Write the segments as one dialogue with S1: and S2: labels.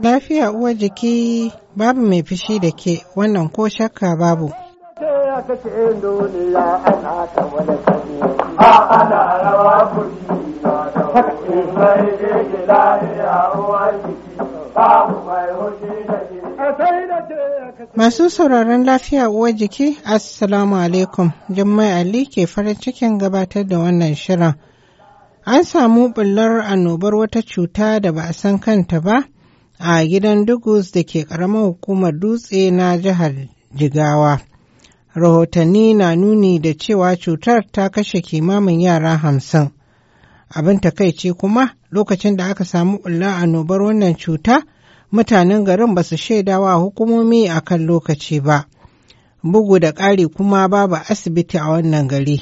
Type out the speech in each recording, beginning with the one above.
S1: Lafiya uwar jiki babu mai fushi da ke wannan ko shakka babu. Masu sauraron lafiya uwa jiki, Assalamu alaikum, Jummai Ali ke farin cikin gabatar da wannan shirin. An samu bullar annobar wata cuta da ba a san kanta ba a gidan Dugus da ke ƙaramar hukumar dutse na jihar Jigawa. rahotanni na nuni da cewa cutar ta kashe kimamin yara hamsin. Abin takaici kuma lokacin da aka samu ɓulla annobar wannan cuta, mutanen garin ba su shaidawa hukumomi a kan lokaci ba. Bugu da ƙari kuma babu asibiti a wannan gari.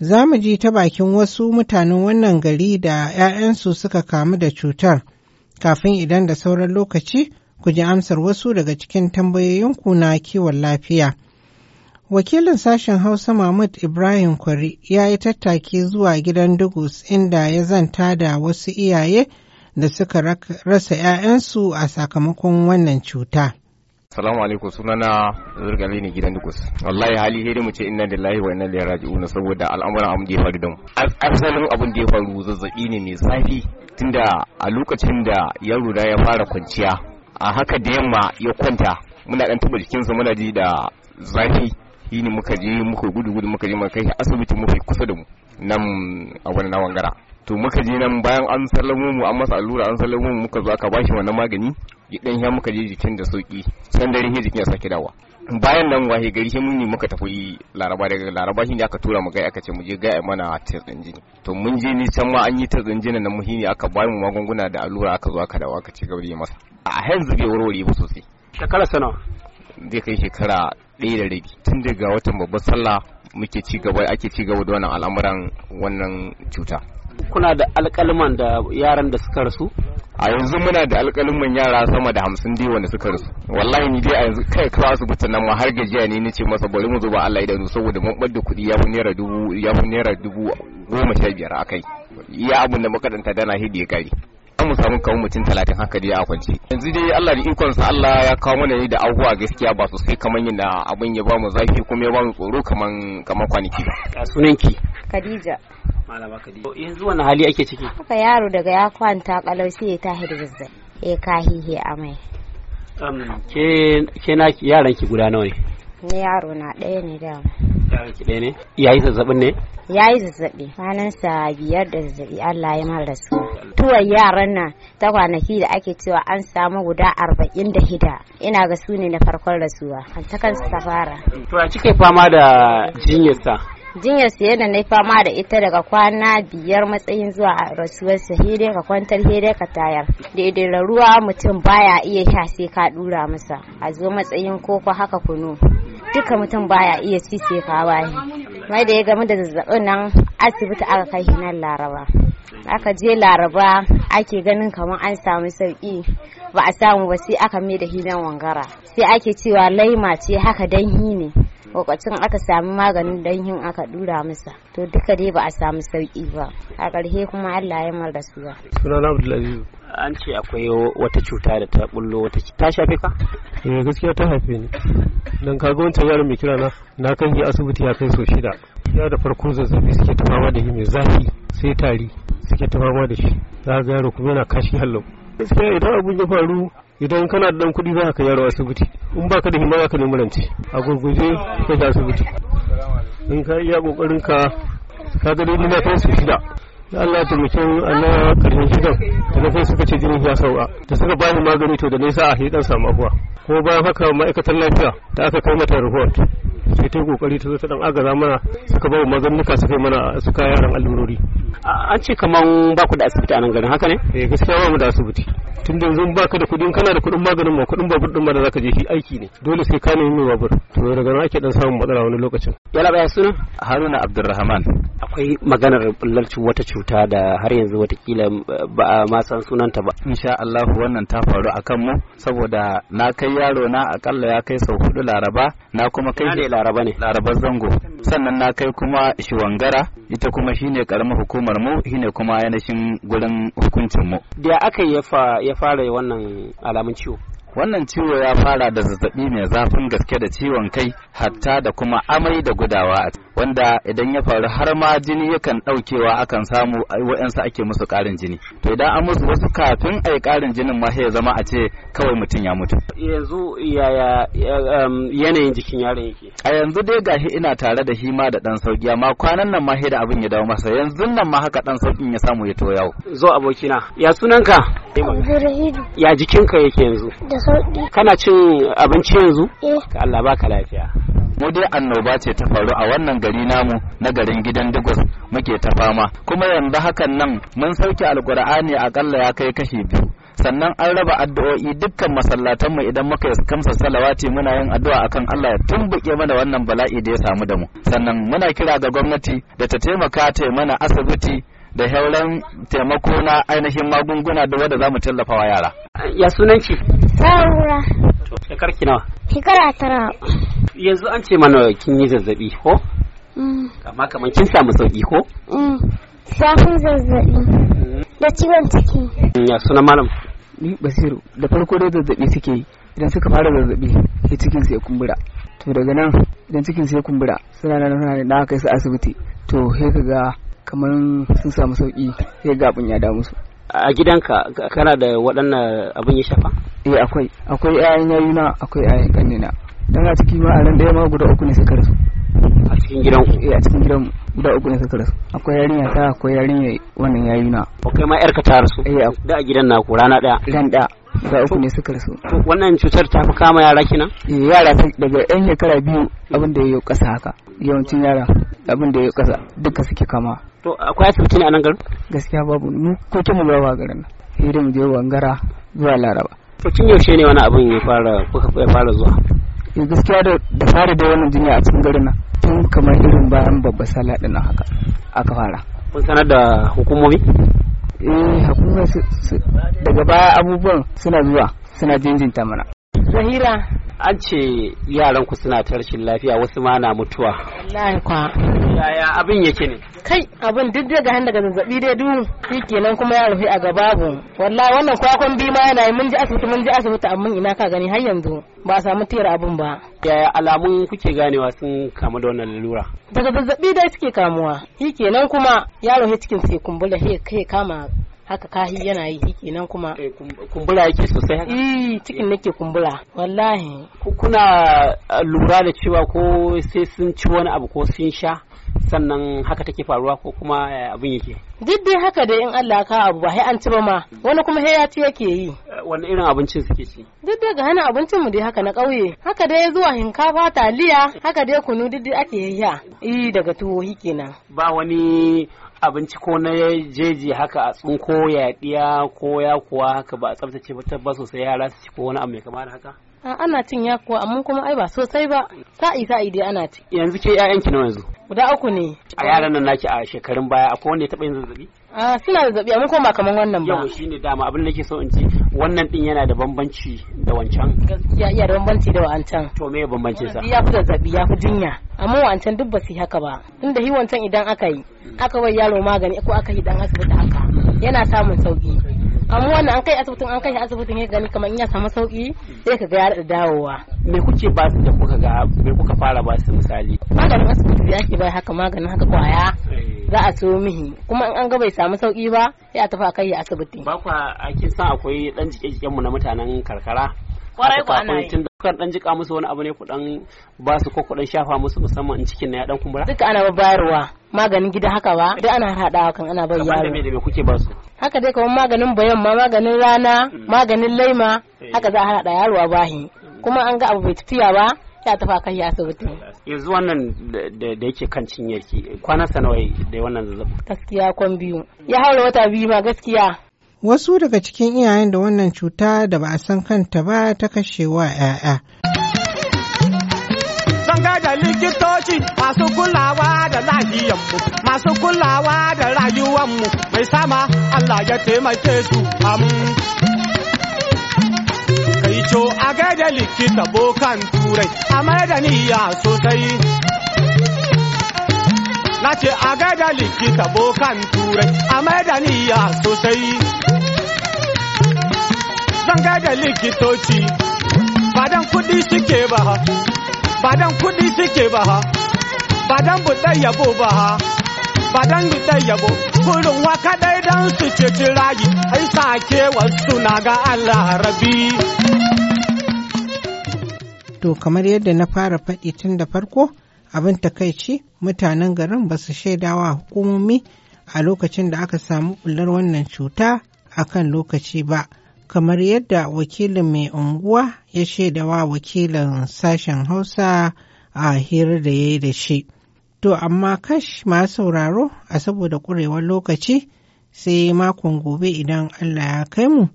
S1: Za mu ji ta bakin wasu mutanen wannan gari da 'ya'yansu suka kamu da cutar. Kafin idan da sauran lokaci, ku ji amsar wasu daga cikin tambayoyinku na kiwon lafiya. Wakilin sashen Hausa Mahmud Ibrahim Kwari ya yi tattaki zuwa gidan Dugus inda ya zanta da wasu iyaye da suka rasa 'ya'yansu a sakamakon wannan cuta.
S2: Salamu alaikum sunana zurgali ne gidan dukus. Wallahi hali sai mu ce inna lillahi wa inna ilaihi raji'un saboda al'amuran abin da ya faru da Asalin abin da ya faru zazzabi ne mai zafi tunda a lokacin da yaro da ya fara kwanciya a haka da yamma ya kwanta muna dan taba jikinsa muna ji da zafi shi ne muka je muka gudu gudu muka je muka kai asibiti mafi kusa da mu nan a wani gara to muka je nan bayan an sallamo mu an masa allura an sallamo mu muka zo aka bashi wannan magani dan ya muka je jikin da sauki san dare jikin ya sake dawa bayan nan wahe gari shi mun ne muka tafi laraba daga laraba shi ne aka tura mu gai aka ce mu je gai mana tsatsin jini to mun je ni can ma an yi tsatsin jini nan muhimmi aka ba mu magunguna da allura aka zo aka dawa aka ci gaba da masa a hanzu bai warware ba sosai shekara sana zai kai shekara ɗaya da rabi tun daga watan babbar sallah muke ci gaba ake ci gaba da wannan al'amuran wannan cuta
S3: kuna da alƙalman da yaran da suka rasu a yanzu muna da
S2: alƙalin yara sama da hamsin dai wanda suka rasu wallahi ni dai a yanzu kai kawo asibiti nan ma har gajiya ne ce masa bari mu zuba Allah idanu saboda mun bar da kuɗi ya fi naira dubu ya fi naira dubu goma sha biyar a kai iya abin da muka dana hidi ya mu samu kawo mutum talatin haka dai a kwance yanzu dai Allah da ikon sa Allah ya kawo mana da abubuwa gaskiya ba sosai kamar yadda abin ya ba mu zafi kuma ya ba mu tsoro kamar kamar kwanaki ba sunanki Khadija Malama Khadija yanzu wani hali ake ciki
S3: haka
S4: yaro daga ya kwanta kalausi sai ya tahi da zazzabi eh kahihe amai
S3: ke ke na yaran ki guda nawa ne
S4: ni yaro na ɗaya ne dama
S3: yayi zazzabin ne
S4: yayi zazzabi ranar sa biyar da zazzabi Allah ya mara su tuwon yaran nan ta kwanaki da ake cewa an samu guda arba'in da hida ina ga su ne na farkon rasuwa ta kansu ta fara
S3: to a cike fama da jinyarsa
S4: jinyar su yadda na fama da ita daga kwana biyar matsayin zuwa rasuwar sa hede ka kwantar hede ka tayar daidai ruwa mutum baya iya sha sai ka dura masa a zo matsayin koko haka kunu duka mutum baya iya ci sai mai da ya gamu da zazzabin nan asibiti aka kai nan laraba aka je laraba ake ganin kamar an samu sauki ba a samu ba sai aka mai da hinan wangara sai ake cewa laima ce haka danhi ne lokacin aka samu maganin danhin aka dura masa to duka dai ba a samu sauki ba a ƙarshe kuma allah ya mar da suwa
S3: sunana abdulaziz an ce akwai wata cuta da ta bullo wata ta shafe ka eh gaskiya ta haife ni dan kaga wancan yaron mai kira na na kan yi asibiti ya kai so shida ya da farko zazzabi suke ta fama da shi mai zafi sai tari suke ta fama da shi za ga yaro kuma yana kashi hallo gaskiya idan abun ya faru idan kana da dan kuɗi za ka yaro asibiti in baka da himma za ka nemi rance a gurguje ka asibiti in ka iya kokarin ka ka ga dai na kai so shida da Allah ta mutum na karshen na kai suka ce jinin ya sauka da suka ba ni magani to da nisa a hidan samu afuwa ko bayan haka ma'aikatar lafiya ta aka kai mata report sai ta kokari ta zo ta dan agaza mana suka ba mu maganuka suka mana suka yaran allurori an ce kaman ba ku da asibiti a nan garin haka ne eh gaskiya ba mu da asibiti tun da yanzu ka da kuɗin kana da kuɗin maganin ma kuɗin babur din ma da zaka je shi aiki ne dole sai ka nemi babur to daga nan ake dan samun matsala wani lokacin yala baya suna haruna
S2: abdurrahman
S3: akwai maganar bullar wata cuta da har yanzu watakila eh, ba a ma san sunanta ba insha Allah wannan ta faru a mu. saboda na kai yaro na akalla ya kai sau hudu laraba na kuma kai ne laraba ne laraba zango sannan na kai kuma shiwangara ita kuma shine karamar hukumar mu shine kuma yanashin gurin hukuncin mu da aka ya fara wannan alamun ciwo wannan ciwo ya fara da zazzabi mai zafin gaske da ciwon kai hatta da kuma amai da gudawa wanda idan ya faru har ma jini yakan daukewa akan samu wa'yansu ake musu karin jini to idan an musu wasu kafin a yi karin jinin ma sai ya zama a ce kawai mutum ya mutu yanzu yaya um, yanayin jikin yaron yake a yanzu dai gashi ina tare da shi ma da dan sauki amma kwanan nan ma da abin ya dawo masa yanzu nan ma haka dan saukin ya samu ya toyawo zo abokina ya sunanka ya jikinka yake yanzu da Kana cin abinci yanzu? Ka eh. Allah baka lafiya. Mu dai annoba ce ta faru a wannan gari namu na garin gidan dugus muke ta fama kuma yanzu hakan nan mun sauke alkur'ani akalla ya kai kashi biyu. sannan an raba addu'o'i dukkan masallatan mu idan muka yi kamsa salawati muna yin addu'a akan Allah ya tumbuke mana wannan bala'i da ya samu da mu sannan muna kira ga gwamnati da ta taimaka ta mana asibiti da hauren taimako na ainihin magunguna da wadda za mu tallafa wa yara. Ya sunanci? Sa'ura. Shekar ki nawa?
S5: Shekara tara.
S3: Yanzu an ce mana kin yi zazzabi ko? Mm. Amma kamar kin samu sauki ko?
S5: Safin mm. zazzabi. Da ciwon ciki.
S3: Mm, ya sunan malam?
S5: Ni Basiru, da farko dai zazzabi suke yi. Idan suka fara zazzabi, sai cikin sai kumbura. To daga nan, idan cikin sai kumbura, suna nan da aka kai su asibiti. To, sai ka ga kamar sun samu sauki sai ga abin ya da musu a
S3: gidanka kana da waɗannan abin ya shafa
S5: eh akwai akwai ƴaƴan yayuna akwai ƴaƴan kanina dan a ciki ma a ran ɗaya ma guda uku ne suka rasu a cikin gidan ku eh a cikin gidan guda uku ne suka rasu akwai yarinya ta akwai yarinya wannan yayuna
S3: akwai ma ka ta rasu eh da a gidan naku rana ɗaya ran ɗaya
S5: guda uku ne suka rasu
S3: wannan cutar ta fi kama yara kina
S5: eh yara daga yan shekara biyu abin da ya yi ƙasa haka yawancin yara abin da ya yi ƙasa duka suke kama
S3: to akwai asibiti ne a nan garin
S5: gaskiya babu mu ko ta mu bawa garin nan hidin mu je wangara zuwa laraba to tun yaushe ne wani abin ya fara kuka fara zuwa eh gaskiya da da fara da wannan jinya a cikin garin nan tun kamar irin bayan babba sallah din haka aka fara kun sanar da hukumomi eh hukumar daga baya abubuwan suna zuwa suna jinjinta mana
S3: zahira an ce yaran ku suna tarshin lafiya wasu ma na mutuwa
S5: wallahi kwa
S3: yaya abin yake ne
S6: kai abin duk daga hannu daga zazzabi dai du shi kuma ya rufe a gaba bu wallahi wannan kwakwan bi ma yana mun ji asibiti mun ji asibiti amma ina ka gani har yanzu ba samu tera abin ba yaya alamun kuke ganewa sun kamu da wannan lalura daga zazzabi dai suke kamuwa shi kuma Ya rufe cikin sai kumbula he kai kama haka kahi yana yi hiki nan kuma eh, kumbura yake sosai haka eh cikin nake kumbura wallahi kuna ah,
S3: lura da cewa ko sai sun ci wani abu ko sun sha sannan haka take faruwa ko kuma eh, abin yake
S6: duk dai haka da in Allah ka abu ba sai an ma wani kuma sai ya ci yake yi eh,
S3: wani irin abincin suke ci
S6: duk dai ga hana abincin mu dai haka na ƙauye haka dai zuwa hinkafa taliya haka dai kunu duk dai ake yayya eh daga tuwo
S3: kenan ba wani abinci ko na jeji haka a tsinko yaɗiya ko ya kuwa haka ba a tsaftace ba tabbas sosai yara su ci ko wani abu mai kama da haka
S6: ana cin ya kuwa amma kuma ai ba sosai ba sa'i sa'i dai ana ci
S3: yanzu ke 'ya'yanki na yanzu
S6: guda uku ne a yaran nan
S3: naki a shekarun baya akwai wanda ya taɓa yin zazzabi
S6: A ah, suna da zabi amma kuma ba kaman wannan ba. Yau
S3: shine dama abin da nake so in ci wannan din yana da bambanci da wancan.
S6: Gaskiya iya da bambanci
S3: da wancan. To me bambancin sa? Ya fi da zabi ya fi jinya.
S6: Amma wancan duk ba su haka ba. Tunda hi wancan idan aka yi aka bai yaro magani ko aka yi dan asibiti haka yana samun sauki. amma wannan an kai asibitin an kai asibitin ya gani kamar iya ya samu sauki sai ka ga ya da dawowa me kuke ba su da kuka ga me kuka fara ba su misali maganin asibiti ya ke bai haka maganin haka kwaya za a so mihi kuma an ga bai samu sauki ba sai a tafi a kai asibiti
S3: ba kwa ake sa akwai dan jike-jiken mu na mutanen karkara kwarai kwanai. ana yi tun dan jika musu wani abu ne ku ba su ko kudan shafa musu musamman in cikin na ya dan kumbura duka ana bayarwa
S6: maganin gida haka ba duk ana hadawa kan ana bai yaro me
S3: da me kuke ba su
S6: haka dai kamar maganin bayan ma maganin rana mm. maganin laima eh. haka za a hada yaro a bahi mm. kuma an ga abu bai tafiya ba ya tafa kan ya asibiti
S3: yanzu wannan da yake kan cinyarki kwana nawa da wannan zazzabi
S6: gaskiya kwan biyu ya haura wata biyu ma gaskiya
S1: Wasu daga cikin iyayen da wannan cuta da ba a san kanta ba ta kashewa 'ya'ya.
S7: Zanga da likitoci masu kulawa da lahiyanmu, masu kulawa da rayuwanmu mai sama Allah ya taimake su am. Kai a gaida likita bokan turai, a mai da niyya sosai. na ce a gaida likita bokan turai a da niyya sosai zan gaida likitoci badan kudi suke ba ha badan kudi suke ba ha badan budai yabo ba ha badan budai yabo kurin waka dai dan su ceci rayu? ai sake wasu na ga Allah rabi
S1: to kamar yadda na fara faɗi tun da farko abin takaici mutanen garin ba su shaidawa hukumomi a lokacin da aka samu bular wannan cuta a kan lokaci ba kamar yadda wakilin mai unguwa ya shaidawa wakilin sashen hausa a hira da ya da shi to amma kash ma sauraro a saboda ƙurewar lokaci sai makon gobe idan allah ya kai mu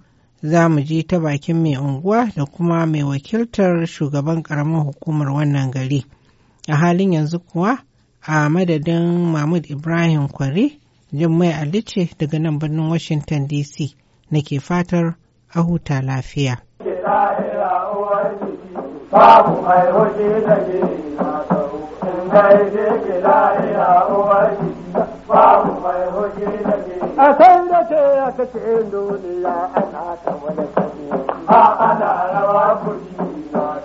S1: za mu je ta bakin mai unguwa da kuma mai wakiltar shugaban ƙaramin hukumar wannan gari. a halin yanzu kuwa a madadin mahmud ibrahim kwari jimmai alice daga nan birnin washington dc nake fatar a huta lafiya
S7: a san da ce duniya ana ta wani Ba ana rawa kuji na